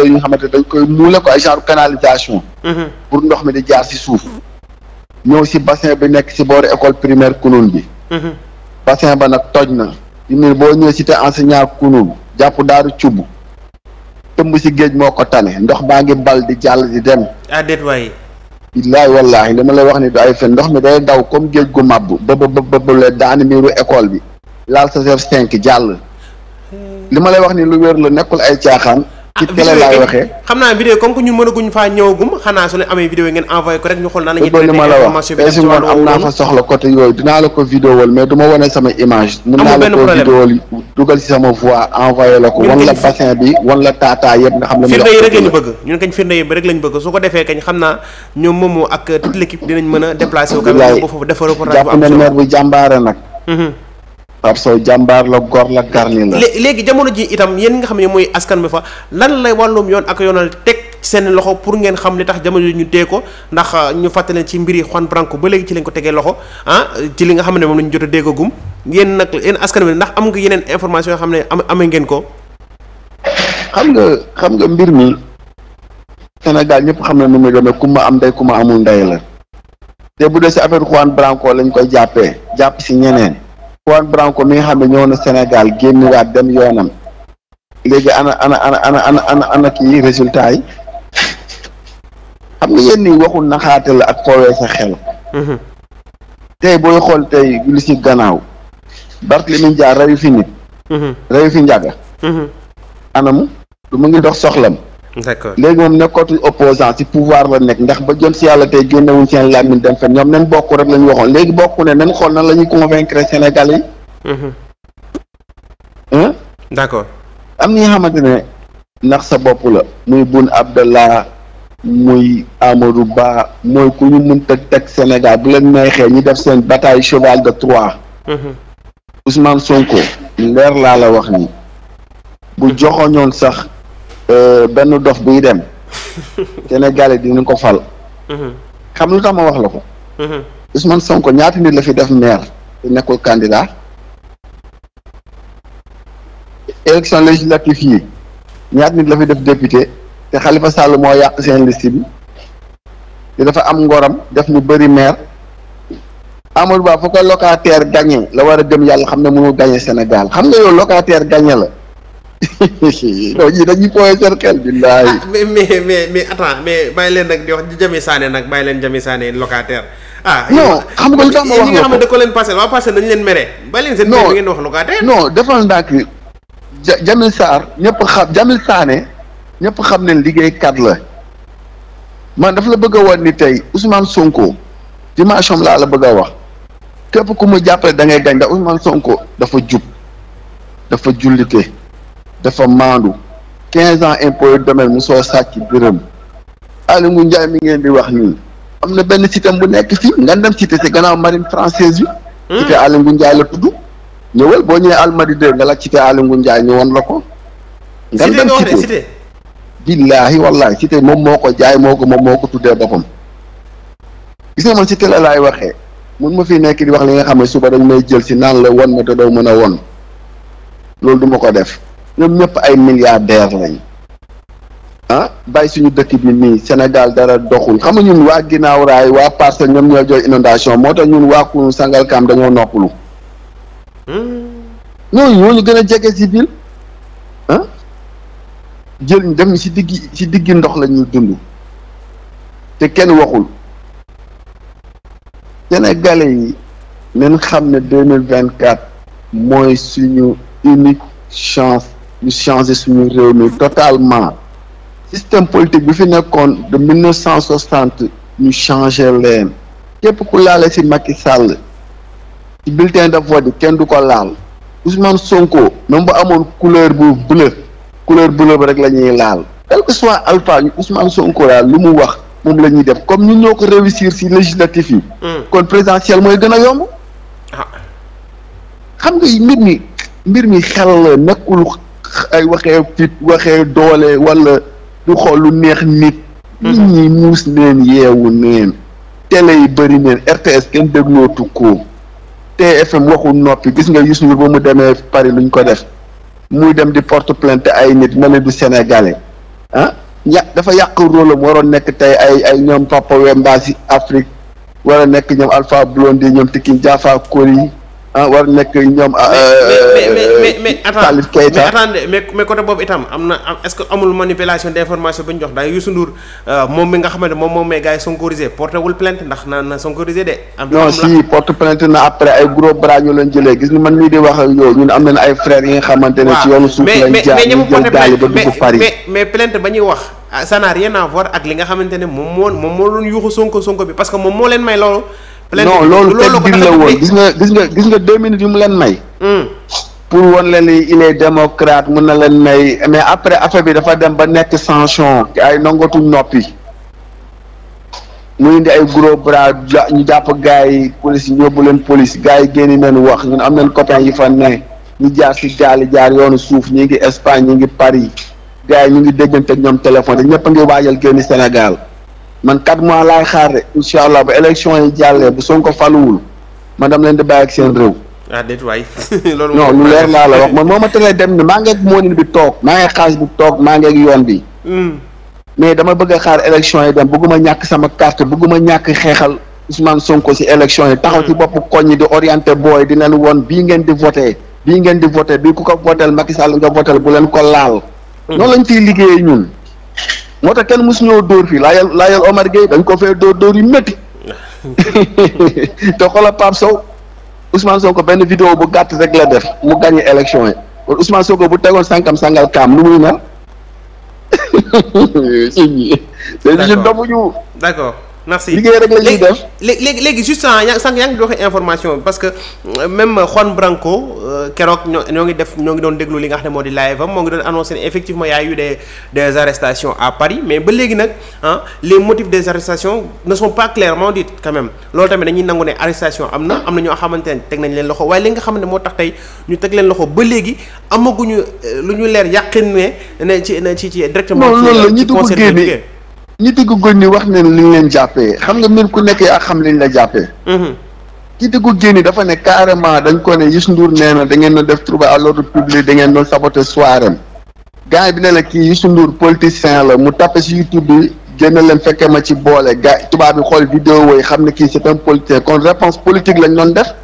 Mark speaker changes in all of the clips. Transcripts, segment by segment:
Speaker 1: tey nga xamante dañ koy muule ko ay genre canalisation mhm. pour ndox mi di jaar si suuf ñëw si bassin bi nekk si boori école primaire kunun bi mhm. bassin ba nag toj na i mil boo ñëwee cité enseignant kunun jàpp daaru cubb tëmb si géej moo ko tane ndox baa ngi bal di jàll di dem ah déet waay billaay wallaahi li ma lay wax ni du ay fen ndox mi day daw comme géej gu màbb ba ba daani miiru école bi laal sa chef cinq jàll hmm. li ma lay wax ni lu wér la nekkul ay caaxaan ci ah, télé laay
Speaker 2: xam naa vidéo comme que ñun mënaguñ faa ñëwagum xanaa ko
Speaker 1: rek eh, ma wane sama image mun naa la ko vidéowal dugal si sama xam ne
Speaker 2: firnde yi rek lañu bëgg ñun defee kañ xam naa ñoom moomu ak toute l'équipe dinañ mën a déplacé wu kam jàpp na maire bu
Speaker 1: jàmbaare nag mhm. Pape Sow jàmbaar la gor la garni la.
Speaker 2: léegi jamono ji itam yéen nga xam ne mooy askan bi fa lan lay wàllum yoon ak yoonal teg seeni loxo pour ngeen xam li tax jamono ji ñu tee ko ndax ah, ñu fàttali ci mbiri Juan Branco ba léegi ci lañ ko tegee loxo ah, ci li nga xam ne moom la ñu jot a déggagum yéen nag yéen askan bi ndax am nga yeneen information yoo xam ne am amee ngeen ko. xam nga xam nga mbir mi senegal ñëpp xam ne nu muy demee ku am ndey ku ma amul ndey
Speaker 1: bu dee si affaire Juan Branco lañ koy jàppee jàpp si ñeneen. Juan Branco mi nga xam ne ñëw na Sénégal génn waat dem yoonam léegi ana ana ana ana ana ana kii résultat yi xam nga yéen ni waxul naxaate la ak foowee sa xel. Mhm. tey booy xool tey li si gannaaw Barthélémy Dias rayu fi nit. Mhm. rayu fi njàgga. Mhm. anamu du mu ngi dox soxlam. d'accord léegi moom nekkatul opposant ci pouvoir la nekk ndax ba jëm si yàlla tey génnewuñ seen làmmiñ dem fen ñoom nañ bokk rek la ñu waxoon léegi bokk ne nañ xool nan la ñuy convaincre Sénégalais yi mhm. d'accord am na ñoo xamante ne ndax sa bopp la muy Boun Abdallah muy Amadou Ba mooy ku ñu mënta teg Sénégal bu leen neexee ñu def seen bataille cheval de Troie mhm. Ousmane Sonko leer laa la wax ni bu mhm. joxoñoon sax Euh, benn dof buy dem Sénégal yi dinañ ko fal mhm. xam lu tax ma wax la ko mhm. Ousmane Sonko ñaata nit la fi def meer te nekkul candidat élection législative yi ñaata nit la fi def député te Khalifa Sall moo yàq seen liste bi te dafa am ngoram def ñu bari maire Amadou Ba fu ko locataire gagné la war a gëm yàlla xam ne mënul gagné Sénégal xam nga yow locataire gagné la non ñii dañuy fooyee seen xel billaay. Ah,
Speaker 2: mais mais mais mais attends mais bàyyi leen nag di wax Jami Sané nag bàyyi leen Jami Sané locataire. ah xam nga li tax ma wax ñi leen passé waa passé dañu leen mere. bàyyi leen seen mbir mi ngeen di wax locataire.
Speaker 1: non defal ndànk ja Jamil Sarr ñëpp xam Jamil Sané ñëpp xam ne liggéeykat la man dafa la bëgg a wan ni tey Ousmane Sonko dimension laa la bëgg a wax képp ku mu jàppale da ngay gañ da Ousmane Sonko dafa jub dafa jullite. dafa maandu quinze ans impôt domaine mu soo sàcc dërëm Aly njaay Ndiaye mi ngeen di wax nii am na benn sitam bu nekk fii nga dem cité si gannaaw marine française bi hmm. cité Aly Ngouille Ndiaye la tudd ñëwal boo ñëwee Almadies 2 nga laaj cité Aly Ngouille Ndiaye la ko
Speaker 2: nga dem cité
Speaker 1: billaahi wallaahi cité moom moo ko jaay moo ko moom moo ko tuddee boppam gis nga man cité la laay waxee mun ma fi nekk di wax li nga xam ne suba dañ may jël si naan la won ma te doo mën a won loolu du ma ko def ñoom ñëpp ay milliardaires lañ ah bàyyi suñu dëkk bi nii Sénégal dara doxul xam nga ñun waa ginnaaw raay waa Parcelles ñoom ñoo jooy moo tax ñun dañoo noppalu hmm. gën a jege ci ville ah jël ñu dem si diggi si diggi ndox lañuy ñuy dund te kenn waxul Sénégalais yi nañ xam ne deux mille vingt quatre mooy suñu unique chance ñu changer suñu réew mi totalement système politique bi fi nekkoon de mille neuf cent soixante changer leen tépp ku laale si Macky sàll ci bulletin de vote yi kenn du ko laal Ousmane Sonko même bu amoon couleur bu bleu couleur bleu bi rek la ñuy laal quel que soit alpha ñu Ousmane Sonko daal lu mu wax moom la ñuy def comme ñun ñoo ko réussir ci législatif yi hmm. kon présidentiel mooy gën a yomb ah. xam nga mbir mi mbir mi xel la nekkul ay waxee fit waxee doole walla du xool lu neex nit mhm. nit ñi muus neen yeewu neen télé yi bëri neen RTS kenn déglootu ko TFM waxul noppi gis nga Youssou Ndour ba mu demee Paris luñ ko def muy dem di porte plainte ay nit na leen du sénégalais ah ya dafa yàq rôle am waroon nekk tey ay ay ñoom Papa Wemba si Afrique wala nekk ñoom Alpha Blondy ñoom Tikin Jaffa Koli Ah, war nekk ñoom. Ah, euh, mais mais mais euh, mais
Speaker 2: attendez mais mais côté boobu itam am na am est-ce que amul manipulation d'information bu ñu jox daay Youssou Ndour euh, moom mi nga xamante moom moom may gars yi sonkorisé porté wul plainte ndax naan na sonkorisé de. am non si
Speaker 1: porte plainte na après ay gros bras ñu leen jëlee gis ni man mii di wax ak yow ñun am nañ ay frères yi nga xamante ne. ci yoonu suuf lañ jaar ñu jël gaal ba dugg Paris mais
Speaker 2: mais plainte ba ñuy wax. ça n'a rien à voir ak li nga xamante ne moom moo moom moo doon yuuxu sonko sonko bi parce que moom moo leen may loolu non loolu loolu bi la woon gis
Speaker 1: nga gis nga gis nga deux minutes yu mu leen may. Hmm. pour won leen ni il est démocrate mun na leen may mais après affaire bi dafa dem ba nekk sanction ay nangootuñ noppi. mu indi ay gros bras ñu jàpp gars yi police yi yóbbu leen police gars yi génn nañ wax ñun am nañ copain yi fa ne ñu jaar si gaali jaar yoonu suuf ñu ngi Espagne ñi ngi Paris gars ñu ngi déggante ak ñoom téléphone te ñëpp a ngi waajal génn Sénégal. man quatre mois laay xaar de incha allah bu élection yi jàllee bu Sonko faluwul ma dam leen di bàyyi ak seen réew.
Speaker 2: ah lu leer laa la wax man
Speaker 1: moo ma teree dem ni maa ngi ak moonin bi toog maa ngi ak xaalis bi toog maa ngi ak yoon bi. Hmm. mais dama bëgg a xaar élection yi dem bëgguma ñàkk sama carte bëgguma ñàkk xeexal Ousmane Sonko si élection yi. taxaw ci hmm. bopp koñ di orienté booy di leen woon bii ngeen di voté bii ngeen di voté bii ku ko votel Macky Sall nga votel bu leen ko laal. Hmm. noonu lañ ciy liggéeyee ñun. moo tax kenn mosu ñëw dóor fii laajal laajal Omar dañ ko fee dóor dóor yu métti te xoolal Pape Sow Ousmane Sonko benn vidéo bu gàtt rek la def mu gagné élection yi kon Ousmane Sonko bu tegoon sànkam sàngal kaam lu muy nar.
Speaker 2: d'accord c'est merci liggéey rek la ñuy def léegi léegi juste yaa yaa ngi joxe information parce que euh, même Juan Branco euh, keroog ñoo ñoo ngi def ñoo ngi doon déglu li nga xam ne moo di live am moo ngi doon annoncé ne effectivement y a eu des des arrestations à Paris mais ba léegi nag ah les motifs des arrestations ne na am na ñoo xamante ne teg leen loxo waaye li xam ne moo tax tey ñu teg leen loxo ba léegi amaguñu euh, lu ñu leer yàqin ne ne ci ne ci ci directement. non loolu la ñi
Speaker 1: ñi diggu génn wax neen li ñu leen jàppee xam nga mbir ku nekk yaa xam li ñu la jàppee. Mhm. ki diggu génn dafa ne carrément dañ ko ne Youssou Ndour nee da ngeen doon def trouble à l'ordre public da ngeen doon saboter soirée gaay bi ne la kii Youssou Ndour politicien la mu tapé si YouTube bi génn leen fekkee ma ci boole gaay tubaab bi xool vidéo yi xam ne kii c'est un politicien kon réponse politique lañ doon def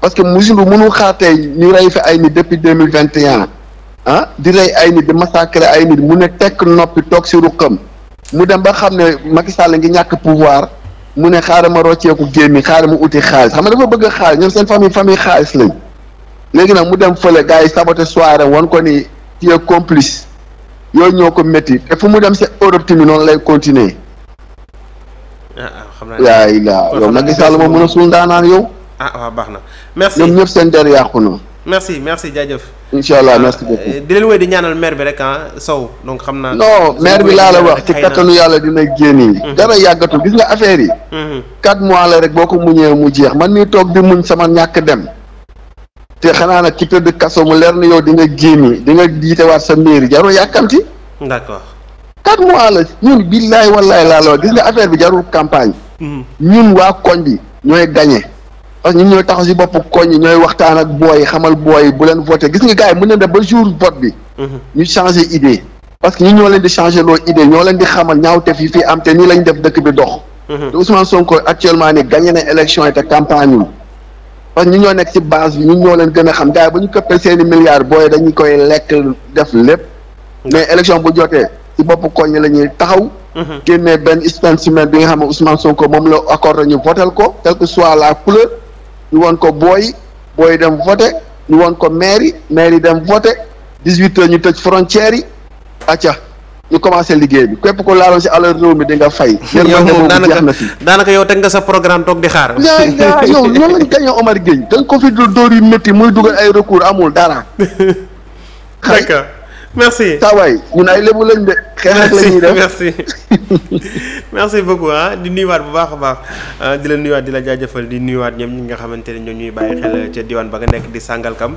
Speaker 1: parce que Youssou Ndour mënu xaatee ñu rey fi ay nit depuis deux mille vingt et ah di rey ay nit di massacrer ay nit mu ne tekk noppi toog si mu dem ba xam ne Macky Sall ngi ñàkk pouvoir mu ne xaaral ma rocceeku gémmi xaaral ma uti xaalis xam nga dafa bëgg xaalis ñoom seen famille famille xaalis lañ léegi nag mu dem fële gars yi saboté soirée wan ko ni tu es complice yooyu ñoo ko métti te fu mu dem sa Europe tamit noonu lay continuer
Speaker 2: ah, ah,
Speaker 1: yaay laa yow Macky Sall moom mën a suul ndaanaan yow
Speaker 2: ah waaw baax na merci ñoom ñëpp
Speaker 1: seen der yàqu na
Speaker 2: merci merci jaajëf. incha allah euh, merci beaucoup di leen wéy di ñaanal maire bi rek ah Sow donc xam naa. non maire bi laa la wax ci kattanu yàlla
Speaker 1: dina génn. Mhm. dara yàggatul gis nga affaire yi. 4 mhm. mois la rek boo ko mu muñee mu jeex man mii toog di muñ sama ñàkk dem. te xanaa nag ci tëdd kaso mu leer na yow di nga génn di nga jiitewaat sa mairie jarul yàkkamti. d'accord 4 mois la ñun billaay wallaay laa la wax gis nga affaire bi jarul campagne. Mhm. ñun waa koñ bi ñooy gagné. parce ah, que ñun ñooy taxaw si bopp koñ ñooy waxtaan ak booy xamal booy bu leen voté gis nga gars yi mën na dem ba jour vote bi. Mhm. ñu changé idée. parce que ñun ñoo leen di changé loo idée leen di xamal ñaawteef fi fii am te nii lañ def dëkk bi dox. Mhm. te Ousmane Sonko actuellement ni gagné na élection yi te campagne parce que ñun ñoo nekk ci base bi ñun ñoo leen gën a xam gars yi ba ñu këppee seeni milliards booy dañu koy lekk def lépp. mais élection bu jotee si bopp koñ la ñuy taxaw. Mhm. génnee benn spécimen bi nga xam ne Ousmane Sonko moom la accordé ñu ko quelle la couleur. ñu won ko booy booy dem voté ñu won ko maire yi maire yi dem voté dix huit heures ñu tëj frontières yi acca ñu commencé liggéey bi képp ko laaloon si alal réew mi di nga fay. yow moom daanaka daanaka yow teg nga sa
Speaker 2: programme toog di xaar. yaa yaa yow
Speaker 1: noonu lañ gañoo Omar Gueye dañ ko fi dóor yi métti muy dugal ay recours amul dara. xëy merci saa waay ñun ay lébu lañ de. xeex ak la ñuy def merci
Speaker 2: merci beaucoup ah di nuyuwaat bu baax a baax ah, di la nuyuwaat di la jaajëfal di nuyuwaat ñoom ñi nga xamante ne ñoo ñuy bàyyi xel ca diwaan ba nga nekk di Sàngalkam